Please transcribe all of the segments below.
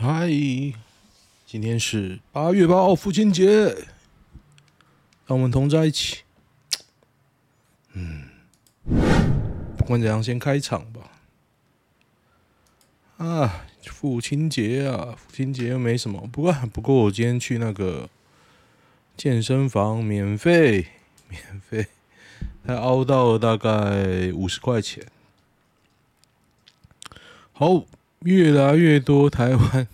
嗨，今天是八月八號、哦、父親節，讓我們同在一起。嗯，不管怎樣，先開場吧。啊，父親節啊，父親節又沒什麼。不過，不過我今天去那個健身房免費，免費，還凹到了大概五十塊錢。好。越來越多台灣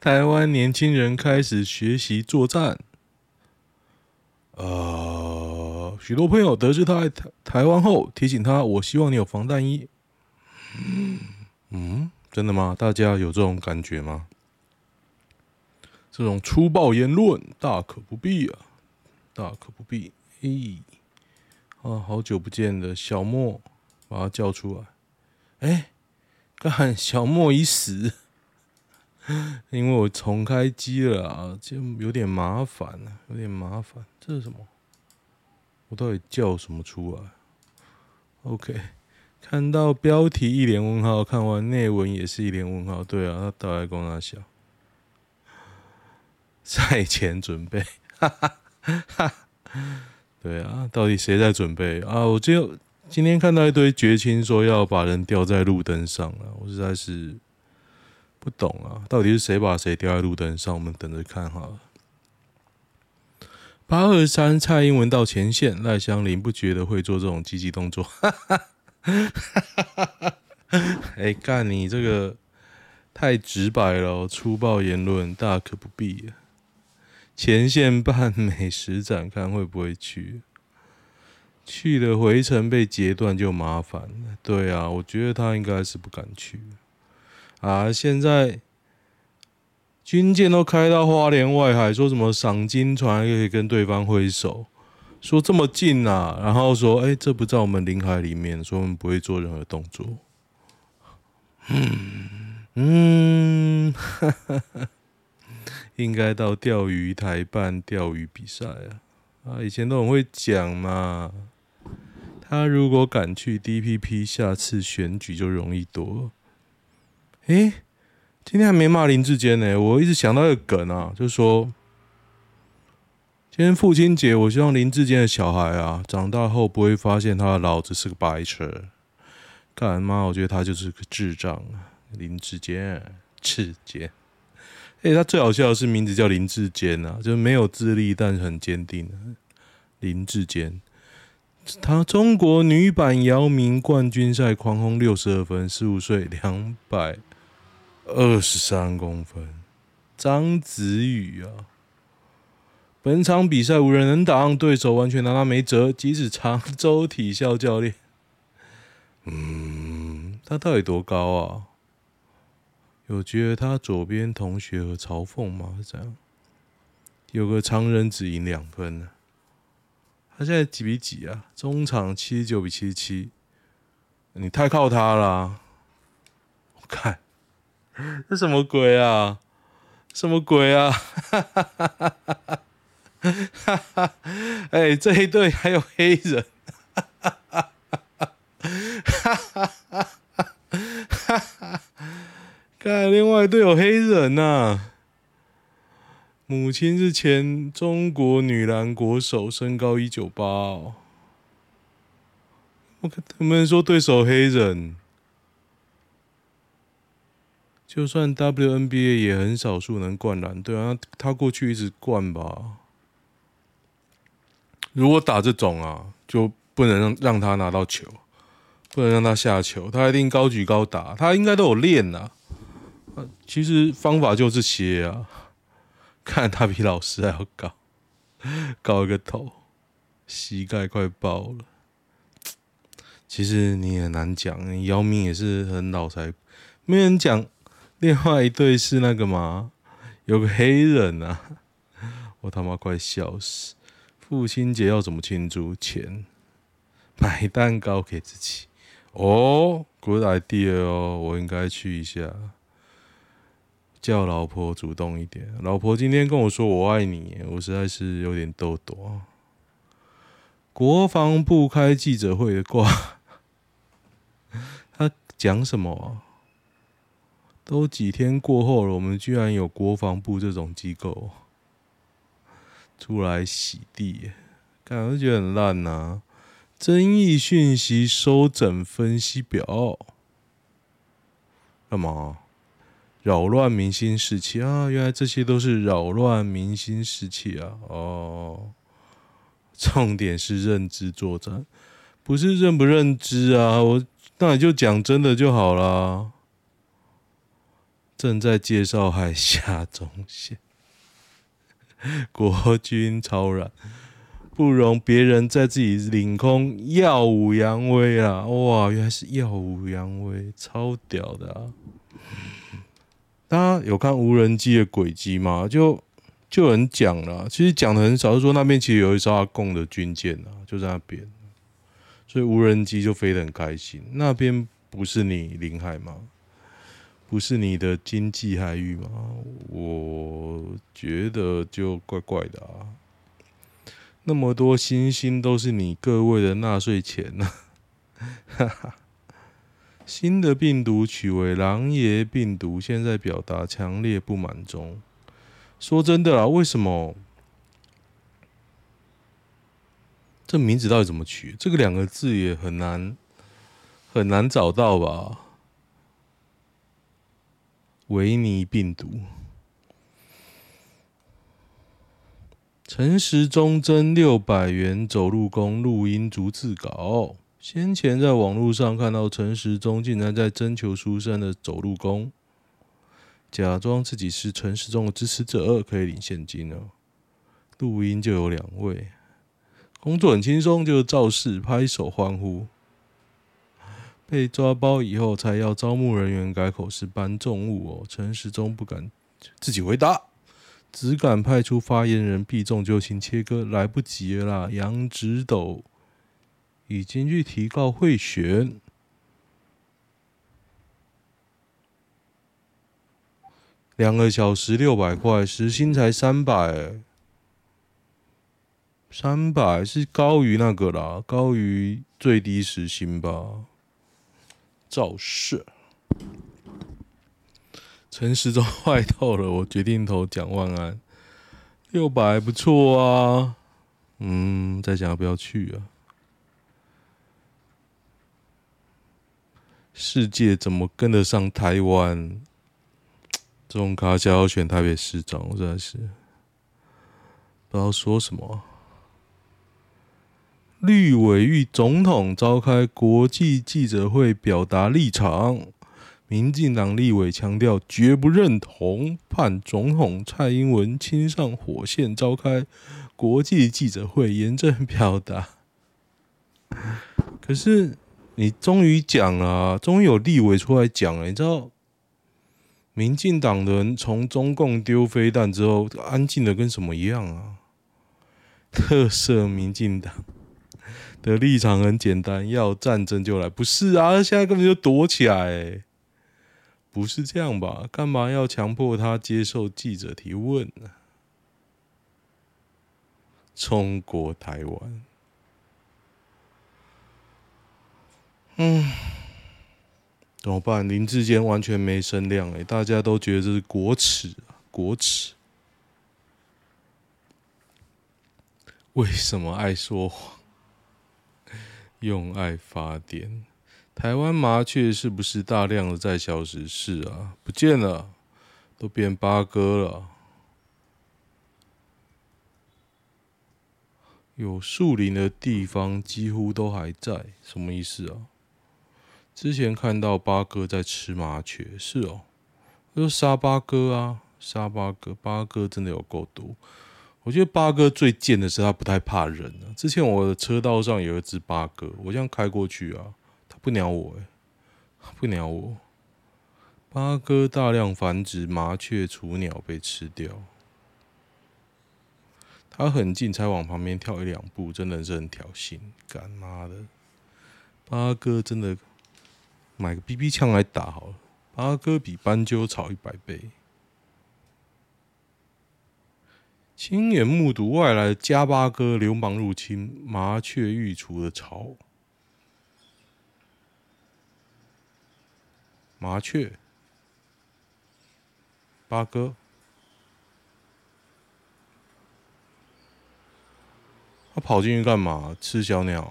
台灣年輕人開始學習作戰。呃，許多朋友得知他在台台灣後，提醒他：“我希望你有防彈衣。”嗯，真的嗎？大家有這種感覺嗎？這種粗暴言論，大可不必啊！大可不必。嘿，啊，好久不見的小莫，把他叫出來。哎。幹，小莫已死，因為我重開機了啊，就有點麻煩，啊，有點麻煩。這是什麼？我到底叫什麼出來？OK，看到標題一臉問號，看完內文也是一臉問號。對啊，他到底在光哪想？賽前準備， 對啊，到底誰在準備啊？我就。今天看到一堆覺青說要把人吊在路燈上了，我實在是不懂啊，到底是誰把誰吊在路燈上？我們等着看哈。八二三蔡英文到前線，賴香林不覺得會做這種積極動作。哎、 欸，幹你這個太直白了哦，粗暴言論大可不必。前線辦美食展，看會不會去。去的回程被截斷就麻煩了。對啊，我覺得他應該是不敢去。啊，現在軍艦都開到花蓮外海，說什麼賞金船可以跟對方揮手，說這麼近啊，然後說，哎、欸，這不在我們領海裡面，所以我們不會做任何動作嗯。嗯，呵呵應該到釣魚台辦釣魚比賽啊！啊，以前都很會講嘛。他如果敢去 DPP，下次選舉就容易多。誒、欸，今天還沒罵林智堅呢，我一直想到一個梗啊，就是說，今天父親節，我希望林智堅的小孩啊，長大後不會發現他的老子是個白痴。幹嘛，我覺得他就是個智障。林智堅，智堅。誒、欸，他最好笑的是名字叫林智堅啊，就是沒有智力，但是很堅定。林智堅。他中國女版姚明冠軍賽狂轟六十二分，十五歲，兩百二十三公分，張子宇啊！本場比賽無人能擋，對手完全拿他沒轍。即使常州體校教練，嗯，他到底多高啊？有覺得他左邊同學和朝鳳嗎？是這樣有個常人只贏兩分呢，啊。他現在幾比幾啊？中場七十九比七十七，你太靠他了、啊。我看，這什麼鬼啊？什麼鬼啊？哈 哎、欸，這一隊還有黑人，哈 哈，看另外一隊有黑人啊。母親是前中國女籃國手，身高一九八。我看他們說對手黑人？就算 WNBA 也很少數能灌籃，對啊，他過去一直灌吧。如果打這種啊，就不能讓讓他拿到球，不能讓他下球，他一定高舉高打，他應該都有練啊。其實方法就是這些啊。看他比老師還要高，高一個頭，膝蓋快爆了。其實你也難講，姚明也是很老才，沒人講。另外一對是那個嘛，有個黑人啊，我他媽快笑死！父親節要怎麼慶祝？錢買蛋糕給自己哦，oh，good idea 哦，我應該去一下。叫老婆主動一點。老婆今天跟我說“我愛你”，我實在是有點逗豆啊。國防部開記者會的掛。他講什麼啊？都幾天過後了，我們居然有國防部這種機構出來洗地，感覺得很爛吶！爭議訊息收整分析表，幹嘛？擾亂民心士氣啊！原來這些都是擾亂民心士氣啊！哦，重點是認知作戰，不是認不認知啊！我那你就講真的就好啦。正在介紹海峽中線，國軍超然，不容別人在自己領空耀武揚威啊！哇，原來是耀武揚威，超屌的啊！大家有看無人機的軌跡嗎？就就有人講了啊，其實講的很少，就說那邊其實有一艘阿貢的軍艦啊，就在那邊，所以無人機就飛得很開心。那邊不是你領海嗎？不是你的經濟海域嗎？我覺得就怪怪的啊。那麼多星星都是你各位的納稅錢呢，哈哈。新的病毒取為狼爺病毒，現在表達強烈不滿中。說真的啦，為什麼？這名字到底怎麼取？這個兩個字也很難很難找到吧？維尼病毒，陳時中徵六百元走路工錄音逐字稿。先前在網絡上看到陳時中竟然在徵求書生的走路工，假裝自己是陳時中的支持者，可以領現金哦。錄音就有兩位，工作很輕鬆，就是造勢、拍手、歡呼。被抓包以後，才要招募人員改口是搬重物哦。陳時中不敢自己回答，只敢派出發言人避重就輕切割，來不及了啦，楊直斗。已經去提告賄選，兩個小時六百塊，時薪才三百，三百是高於那個啦，高於最低時薪吧。趙氏陳時中壞透了，我決定投蔣萬安。六百不錯啊，嗯，再想要不要去啊？世界怎麼跟得上台灣？這種卡肖選台北市長，我真的是不知道說什麼。綠委與總統召開國際記者會表達立場，民進黨立委強調絕不認同，盼總統蔡英文親上火線召開國際記者會，嚴正表達。可是。你終於講了啊，終於有立委出來講了。你知道，民進黨的人從中共丟飛彈之後，安靜的跟什麼一樣啊？特色民進黨的立場很簡單，要戰爭就來，不是啊？現在根本就躲起來欸，不是這樣吧？幹嘛要強迫他接受記者提問呢？中國台灣。嗯，怎麼辦？林智堅完全沒聲量哎，大家都覺得這是國恥啊，國恥！為什麼愛說謊？用愛發電？台灣麻雀是不是大量的在消失？是啊，不見了，都變八哥了。有樹林的地方幾乎都還在，什麼意思啊？之前看到八哥在吃麻雀，是哦，就殺八哥啊，殺八哥，八哥真的有夠毒。我覺得八哥最賤的是他不太怕人了，之前我的車道上有一隻八哥，我這樣開過去啊，他不鳥我、欸，哎，不鳥我。八哥大量繁殖，麻雀雛鳥被吃掉。他很近才往旁邊跳一兩步，真的是很挑釁，幹媽的，八哥真的。買個 BB 槍來打好了，八哥比斑鳩吵一百倍。親眼目睹外來的家八哥流氓入侵麻雀育雛的巢，麻雀八哥，他跑進去幹嘛？吃小鳥？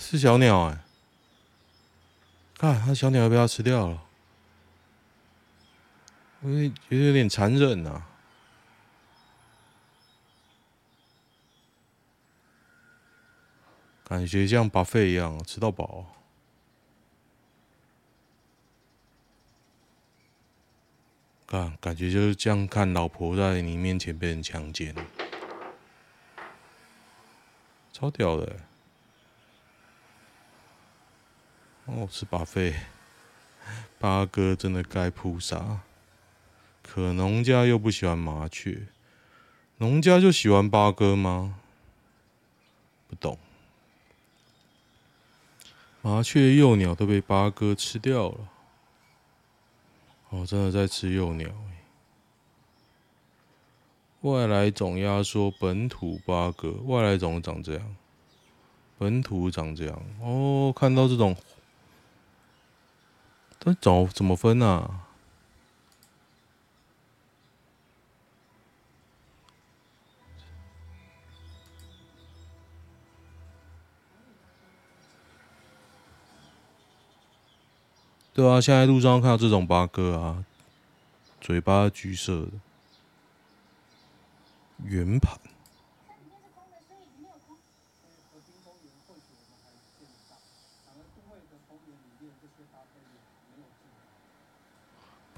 是小鳥哎！看，他小鳥要被他吃掉了？我覺得有點殘忍啊。感覺像 buffet 一樣，吃到飽。看，感覺就是這樣，看老婆在你面前被人強姦，超屌的欸。哦，是巴菲。八哥真的該撲殺。可農家又不喜歡麻雀，農家就喜歡八哥嗎？不懂。麻雀幼鳥都被八哥吃掉了。哦，真的在吃幼鳥、欸。外來種壓縮本土八哥，外來種長這樣，本土長這樣。哦，看到這種。都怎麼怎麼分呢、啊？對啊，現在路上看到這種八哥啊，嘴巴橘色的，圓盤。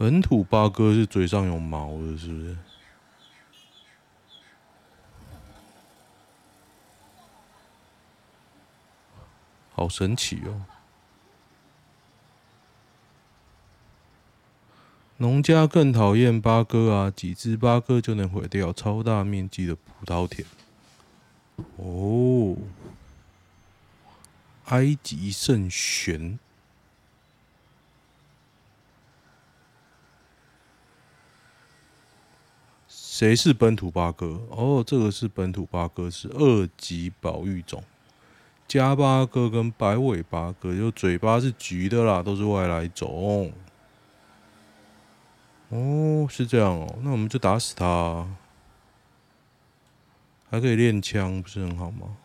本土八哥是嘴上有毛的，是不是？好神奇哦！農家更討厭八哥啊，幾隻八哥就能毀掉超大面積的葡萄田。哦，埃及聖䴉。誰是本土八哥？哦，這個是本土八哥，是二級保育種。家八哥跟白尾八哥，就嘴巴是橘的啦，都是外來種。哦，是這樣哦，那我們就打死他，還可以練槍，不是很好嗎？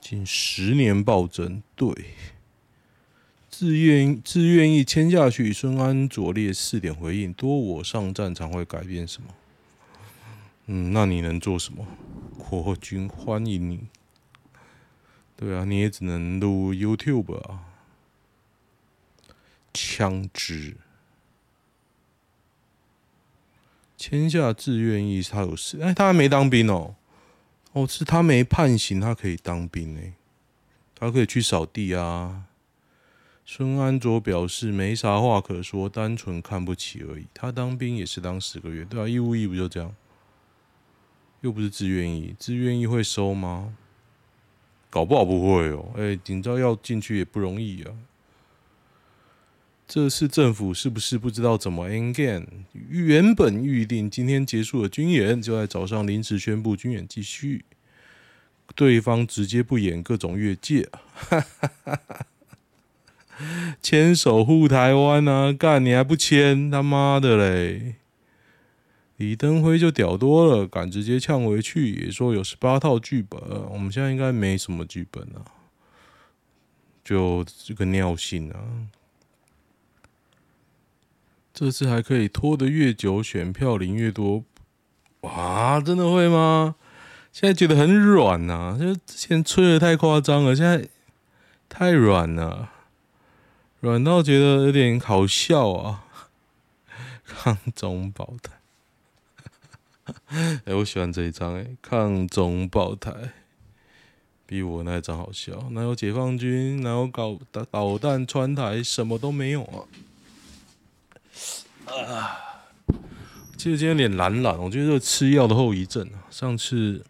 近十年暴增，對。自願自願意簽下去，孫安佐列四點回應：多我上戰場會改變什麼？嗯，那你能做什麼？國軍歡迎你。對啊，你也只能錄 YouTube 啊。槍支簽下自願意，他有事？哎、欸，他還沒當兵哦。哦，是他沒判刑，他可以當兵哎、欸，他可以去掃地啊。孫安卓表示沒啥話可說，單純看不起而已。他當兵也是當十個月，對吧，啊？義務役不就這樣？又不是自願役，自願役會收嗎？搞不好不會哦。誒、欸，緊張要進去也不容易啊。這次政府是不是不知道怎麼 end game？原本預定今天結束的軍演，就在早上臨時宣布軍演繼續。對方直接不演，各種越界。哈哈哈哈。牽手護台灣啊！幹你還不牽他媽的嘞！李登輝就屌多了，敢直接嗆回去，也說有十八套劇本。我們現在應該沒什麼劇本啊，就這個尿性啊！這次還可以拖得越久，選票領越多。哇，真的會嗎？現在覺得很軟啊，就之前吹的太誇張了，現在太軟了。軟到覺得有點好笑啊！抗中保台，哎，我喜歡這一張哎，抗中保台，比我那一張好笑，哪有解放軍，然後搞導彈穿台，什麼都沒有啊！啊，其實今天有點懶懶，我覺得這個吃藥的後遺症。上次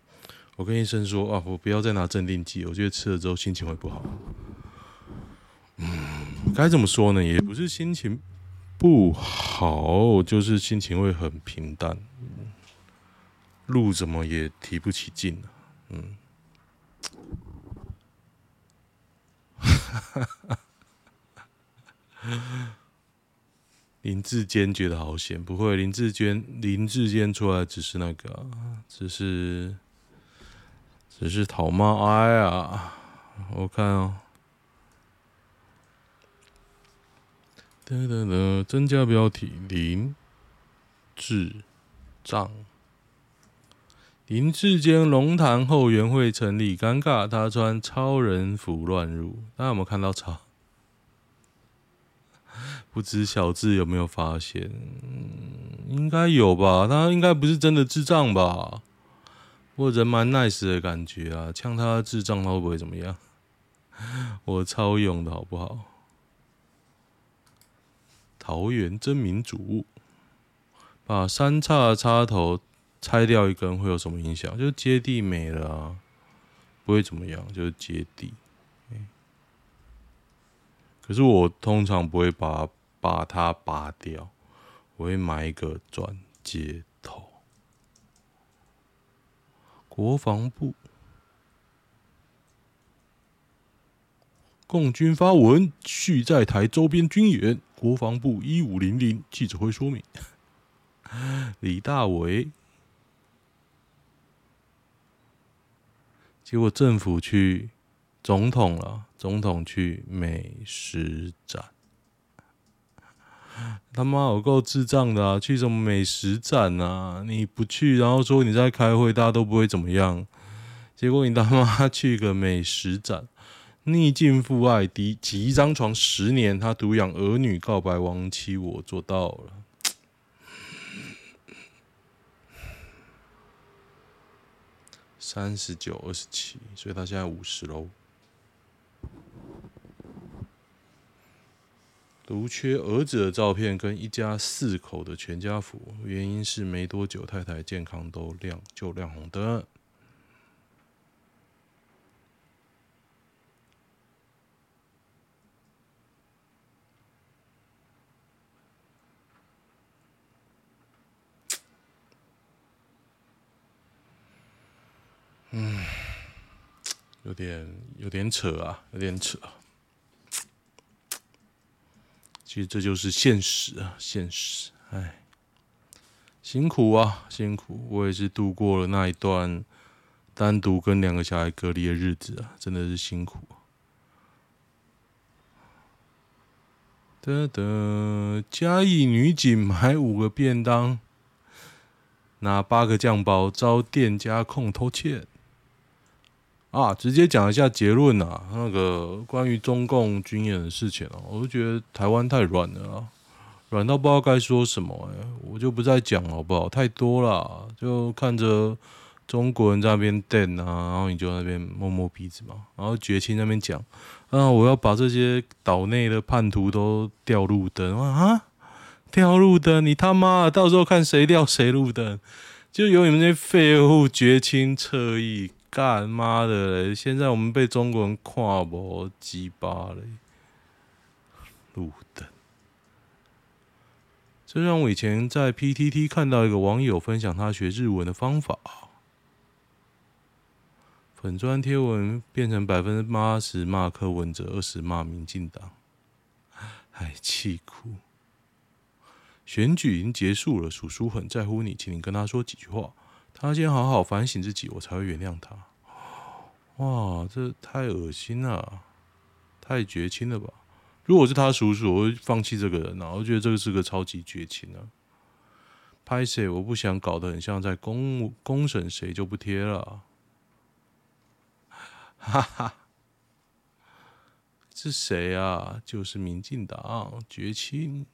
我跟醫生說啊，我不要再拿鎮定劑，我覺得吃了之後心情會不好。嗯。該怎麼說呢？也不是心情不好，就是心情會很平淡，路怎麼也提不起勁哈、啊、嗯， 林智將覺得好險，不會？林智將，林智將出來只是那個、啊，只是，只是討罵哎、啊、呀！我看哦。噔噔噔！增加標題：林智障。林智堅龍潭後援會成立，尷尬。他穿超人服亂入，大家有沒有看到超？不知小智有沒有發現？嗯，應該有吧。他應該不是真的智障吧？不過人蠻 nice 的感覺啊，嗆他智障他會不會怎麼樣？我超勇的好不好？桃園真民主，把三叉插頭拆掉一根會有什麼影響？就接地沒了、啊，不會怎麼樣，就是接地。可是我通常不會把把它拔掉，我會買一個轉接頭。國防部，共軍發文續在台周邊軍演。國防部一五零零記者會說明， 李大維，結果政府去總統了，總統去美食展，他媽好夠智障的啊！去什麼美食展啊？你不去，然後說你在開會，大家都不會怎麼樣。結果你他媽去個美食展。逆境父愛，第幾張床十年，他獨養兒女。告白亡妻，我做到了。三十九二十七，所以他現在五十嘍。獨缺兒子的照片跟一家四口的全家福，原因是沒多久太太健康都亮就亮紅燈。嗯，有點有點扯啊，有點扯。其實這就是現實啊，現實。哎，辛苦啊，辛苦。我也是度過了那一段單獨跟兩個小孩隔離的日子啊，真的是辛苦。的的，嘉義女警買五個便當，拿八個醬包，遭店家控偷竊。啊，直接講一下結論啊，那個關於中共軍演的事情哦、啊，我就覺得台灣太軟了，軟到不知道該說什麼、欸、我就不再講了好不好？太多了，就看着中國人在那邊墊啊，然後你就在那邊摸摸鼻子嘛，然後覺青那邊講，啊，我要把這些島內的叛徒都吊路燈啊，吊路燈，你他媽到時候看誰吊誰路燈，就有你們這些廢物覺青側翼。幹媽的嘞！現在我們被中國人看不雞巴嘞，路燈。這讓我以前在 PTT 看到一個網友分享他學日文的方法。粉專貼文變成百分之八十罵柯文哲，二十罵民進黨，唉，氣哭。選舉已經結束了，叔叔很在乎你，請你跟他說幾句話。他今天好好反省自己，我才會原諒他。哇，這太惡心了，太絕情了吧？如果是他叔叔，我會放棄這個人啊！我覺得這個是個超級絕情啊。拍誰？我不想搞得很像在公公審誰，就不貼了。哈哈，是誰啊？就是民進黨絕情。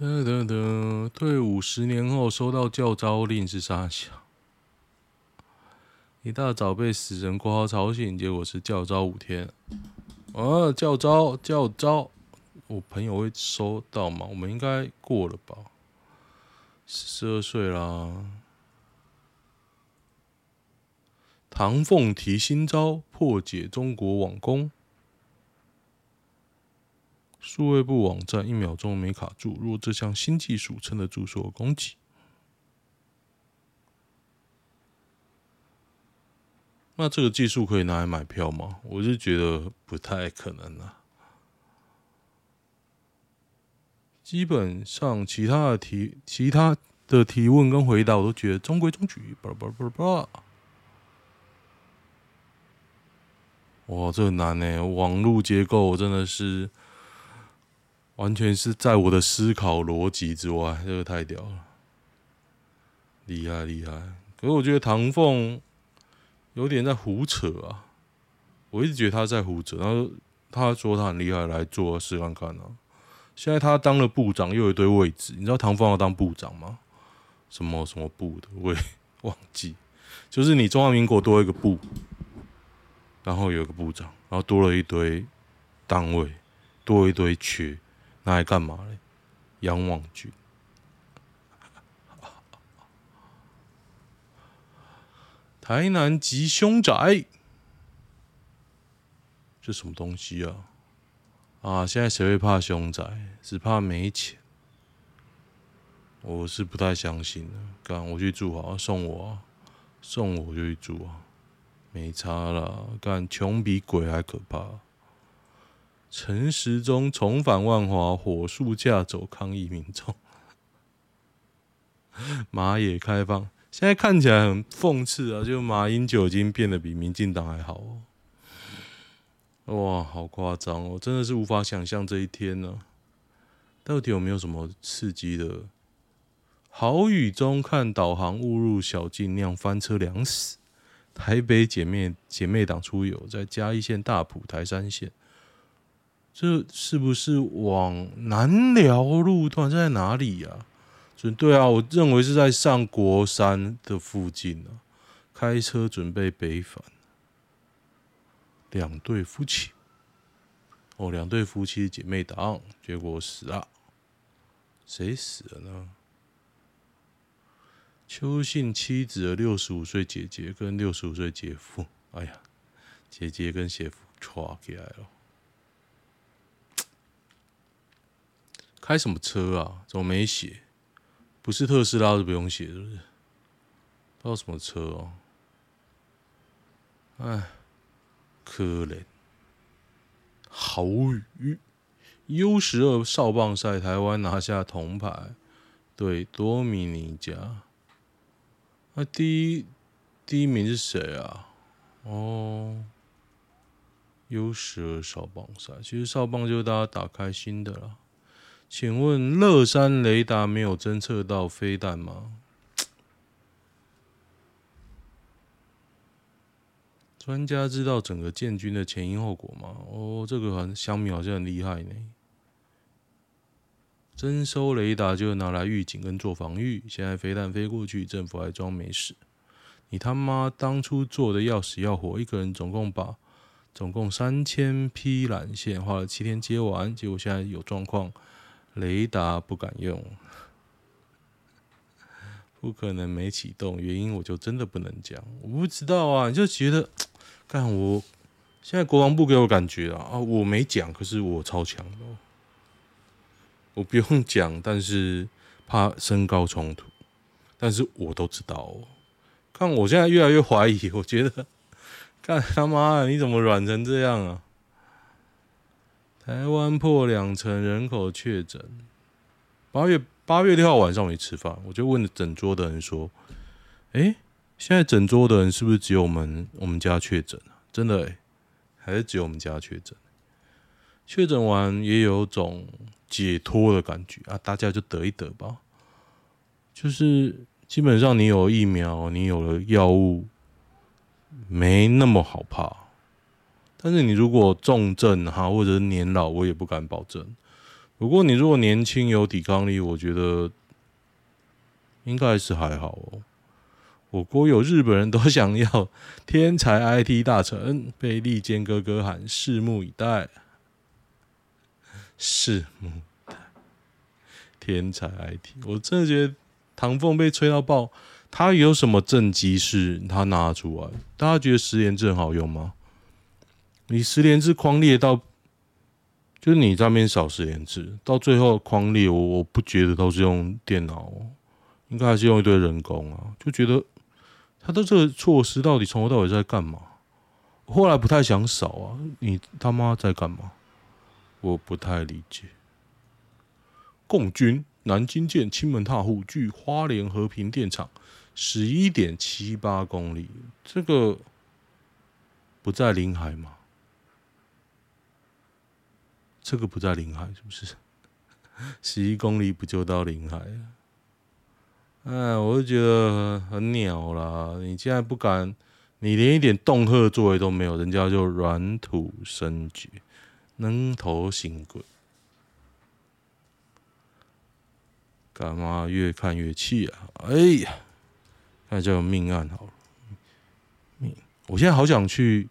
噔噔噔，退伍十年後收到教召令是啥小？一大早被死神括號吵醒，結果是教召五天。啊，教召教召，我朋友會收到嗎？我們應該過了吧？四十二歲啦。唐鳳提新招破解中國網攻。數位部網站一秒鐘沒卡住，若這項新技術撐得住，所有攻擊，那這個技術可以拿來買票嗎？我是覺得不太可能了、啊。基本上，其他的提、其他的提問跟回答，我都覺得中規中矩。叭叭叭叭叭！哇，這個、難誒，網絡結構真的是。完全是在我的思考邏輯之外，這個太屌了，厲害厲害！可是我覺得唐鳳有點在胡扯啊，我一直覺得他在胡扯。然後他說他很厲害，來做試看看呢、啊。現在他當了部長，又有一堆位置，你知道唐鳳要當部長嗎？什麼什麼部的？我也忘記，就是你中華民國多一個部，然後有一個部長，然後多了一堆單位，多一堆缺。那還幹嘛嘞？養網軍，台南吉凶宅，這什麼東西啊？啊，現在誰會怕凶宅？只怕沒錢。我是不太相信了。幹我去住好了，送我，啊？送我我就去住啊，沒差啦，幹，窮比鬼還可怕。陳時中重返萬華，火速架走抗議民眾。 馬也開放，現在看起來很諷刺啊！就馬英九已經變得比民進黨還好哦。哇，好誇張哦！真的是無法想象這一天呢，啊。到底有沒有什麼刺激的？豪雨中看導航，誤入小徑，釀翻車兩死。台北姐妹姐妹黨出遊，在嘉義縣大埔、台三線這是不是往南寮路段，這在哪裡呀、啊？對對啊，我認為是在上國山的附近啊。開車準備北返，兩對夫妻，哦，兩對夫妻姐妹檔，結果死了。誰死了呢？邱姓妻子的六十五歲姐姐跟六十五歲姐夫，哎呀，姐姐跟姐夫闖起來了。開什麼車啊？怎麼沒寫？不是特斯拉就不用寫，是不是？不知道什麼車哦、啊？哎，可憐，好無語 U 十二少棒賽，台灣拿下銅牌，對多米尼加。那、啊、第一第一名是誰啊？哦，U 十二少棒賽，其實少棒就是大家打開心的啦。請問樂山雷達沒有偵測到飛彈嗎？專家知道整個建軍的前因後果嗎？哦，這個很鄉民好像很厲害呢。偵收雷達就拿來預警跟做防御，現在飛彈飛過去，政府還裝沒事。你他媽當初做的要死要活，一個人總共把總共三千批纜線花了七天接完，結果現在有狀況。雷達不敢用，不可能沒啟動。原因我就真的不能講，我不知道啊。你就覺得，看我現在國防部給我感覺啊啊！我沒講，可是我超強哦，我不用講，但是怕身高衝突，但是我都知道哦。看我現在越來越懷疑，我覺得，幹他媽，啊，你怎麼軟成這樣啊？台灣破兩成人口確診。八月八月六號晚上，我沒吃飯，我就問了整桌的人說：“哎、欸，現在整桌的人是不是只有我們我們家確診啊？真的、欸，還是只有我們家確診？確診完也有種解脫的感覺啊！大家就得一得吧。就是基本上，你有疫苗，你有了藥物，沒那麼好怕。”但是你如果重症哈、啊，或者是年老，我也不敢保證。不過你如果年輕有抵抗力，我覺得應該還是還好哦。我國有日本人都想要天才 IT 大臣被利劍哥哥喊，拭目以待，拭目以待。天才 IT，我真的覺得唐鳳被吹到爆，他有什麼政績是他拿出來？大家覺得實聯制好用嗎？你十連字框列到，就是你這邊少十連字，到最後框列，我我不覺得都是用電腦哦，應該還是用一堆人工啊。就覺得他的這個措施到底從頭到尾在幹嘛？後來不太想掃啊，你他媽在幹嘛？我不太理解。共軍南京艦青門踏戶，距花蓮和平電廠十一點七八公里，這個不在臨海嗎？這個不在臨海，是不是？十 一公里不就到臨海了？哎，我就覺得很鳥啦！你竟然不敢，你連一點恫嚇作為都沒有，人家就軟土深掘，愣頭醒鬼。幹嘛越看越氣啊！哎呀，看下有命案好了。命，我現在好想去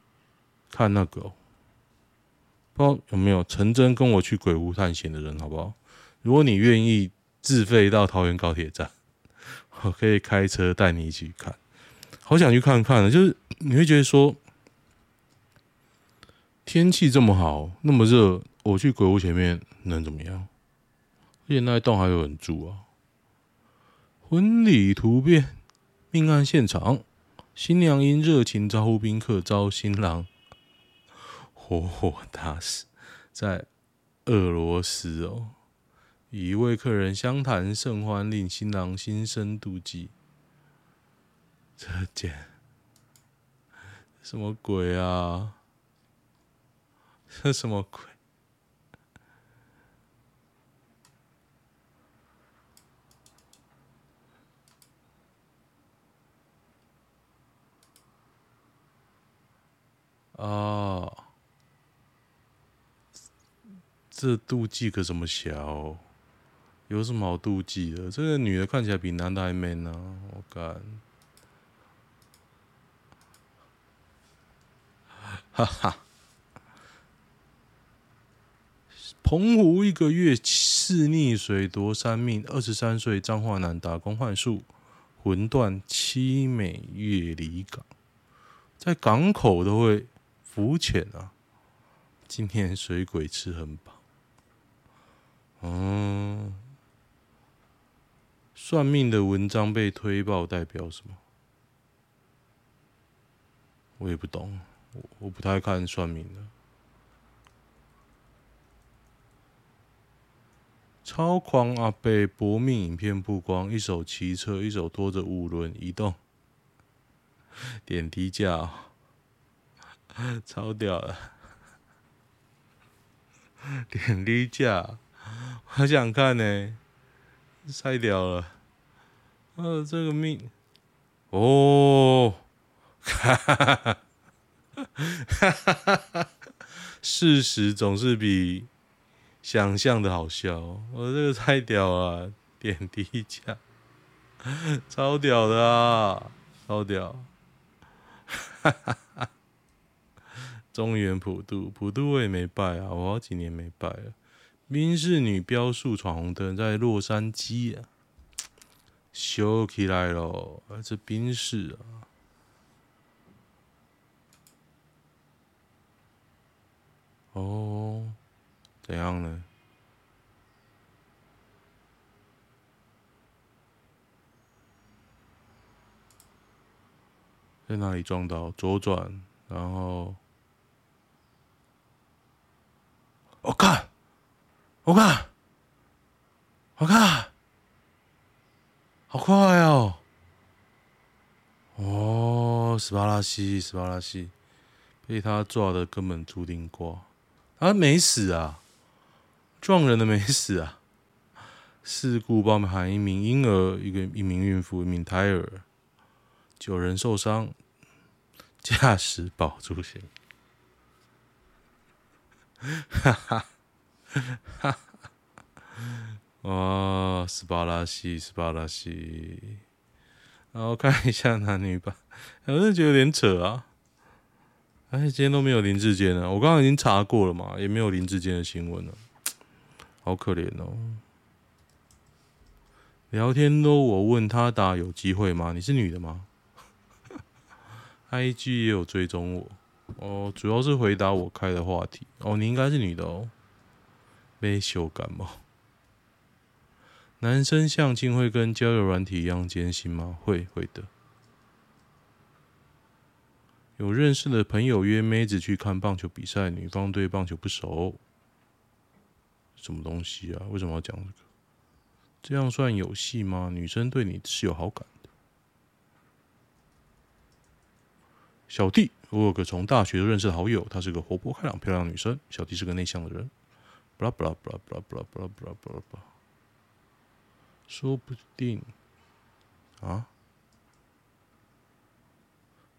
看那個、哦。不知道有沒有陳真跟我去鬼屋探險的人，好不好？如果你願意自費到桃園高鐵站，我可以開車帶你一起看。好想去看看的，就是你會覺得說，天氣這麼好，那麼熱，我去鬼屋前面能怎麼樣？而且那棟還有人住啊！婚禮突變，命案現場，新娘因熱情招呼賓客招新郎。活活打死，在俄羅斯哦。與一位客人相談甚歡，令新郎心生妒忌。這件什麼鬼啊？這什麼鬼？啊，啊！這妒忌，可怎麼消？哦，有什麼好妒忌的？這個女的看起來比男的還 man 呢！啊！我幹，哈哈。澎湖一個月四溺水奪三命，二十三歲彰化男打工換宿魂斷七美月離港，在港口都會浮潛啊！今天水鬼吃很飽。嗯，算命的文章被推爆，代表什麼？我也不懂，我，我不太看算命的。超狂阿伯搏命影片曝光，一手騎車，一手拖着五輪移動，點滴架、哦，超屌的，點滴架。我想看呢，欸，太屌了！呃，這個命哦，哈哈哈哈，哈哈哈哈！事實總是比想象的好笑哦。我的這個太屌了，點滴價，超屌的啊，超屌！哈哈哈哈哈！中原普渡，普渡我也沒拜啊，我好幾年沒拜了。賓士女飆速闖紅燈，在洛杉磯啊，燒起來咯，這賓士啊，哦，怎樣呢？在哪裡撞到左轉，然後？我看，我看，好快哦！哦，斯巴拉西，斯巴拉西，被他撞的根本注定過，啊！沒死啊！撞人的沒死啊！事故包含一名嬰兒，一個一名孕婦，一名胎兒，九人受傷，駕駛保住險，哈哈。哈 哈，哦，斯巴拉西，斯巴拉西，然後看一下男女版，我是覺得有點扯啊。而、哎、且今天都沒有林智將了、啊，我剛剛已經查過了嘛，也沒有林智將的新聞了，好可憐哦。聊天都我問他答，有機會嗎？你是女的嗎 ？IG 也有追蹤我，哦，主要是回答我開的話題，哦，你應該是女的哦。被秀感冒。男生相親會跟交友軟體一樣艱辛嗎？會，會的。有認識的朋友約妹子去看棒球比賽，女方對棒球不熟，什麼東西啊？為什麼要講這個？這樣算有戲嗎？女生對你是有好感的。小弟，我有個從大學就認識的好友，她是個活潑開朗、漂亮、漂亮女生。小弟是個內向的人。說不定啊，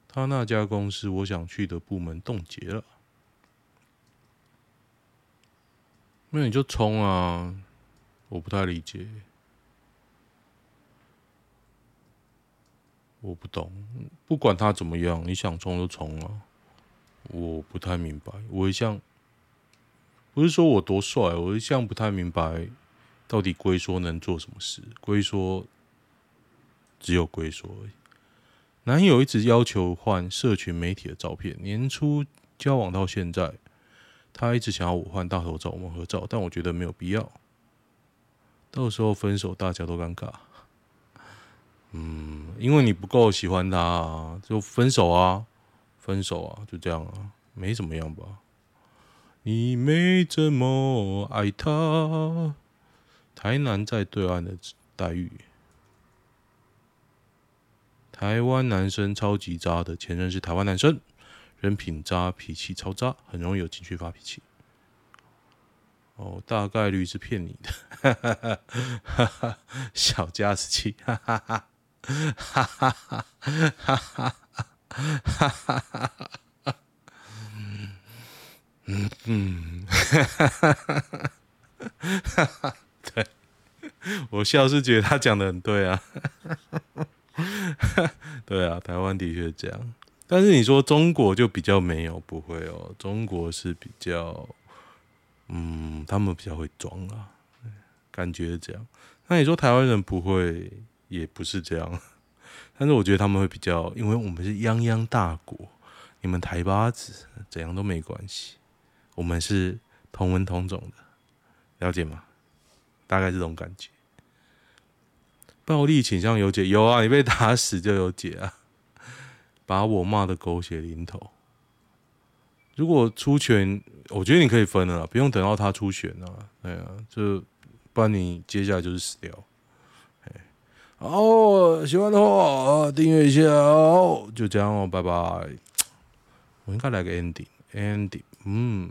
他那家公司我想去的部門凍結了，那你就衝啊！我不太理解，我不懂，不管他怎麼樣，你想衝就衝啊！我不太明白，我一向。不是說我多帥，我一向不太明白，到底龜縮能做什麼事？龜縮只有龜縮而已。男友一直要求換社群媒體的照片，年初交往到現在，他一直想要我換大頭照、我們合照，但我覺得沒有必要，到時候分手大家都尷尬。嗯，因為你不夠喜歡他啊，就分手啊，分手啊，就這樣啊，沒怎麼樣吧。你沒這麼愛他。台南在對岸的待遇。台灣男生超級渣的前任是台灣男生，人品渣，脾氣超渣，很容易有情緒發脾氣。哦，大概率是騙你的，哈哈哈哈哈小家子氣，哈哈哈哈哈哈哈哈哈！嗯嗯，哈哈哈哈哈，哈 對，我笑是覺得他講的很對啊，對啊，對啊，台灣的確這樣，但是你說中國就比較沒有，不會哦，中國是比較，嗯，他們比較會裝啊，感覺這樣。那你說台灣人不會，也不是這樣，但是我覺得他們會比較，因為我們是泱泱大國，你們台巴子怎樣都沒關係。我們是同文同種的，了解嗎？大概這種感覺。暴力傾向有解？有啊，你被打死就有解啊！把我罵的狗血淋頭。如果出拳，我覺得你可以分了啦，不用等到他出拳了，對啊，就不然你接下來就是死掉。好，哦，喜歡的話訂閱一下哦，就這樣哦，拜拜。我應該來個 ending，ending，ending，嗯。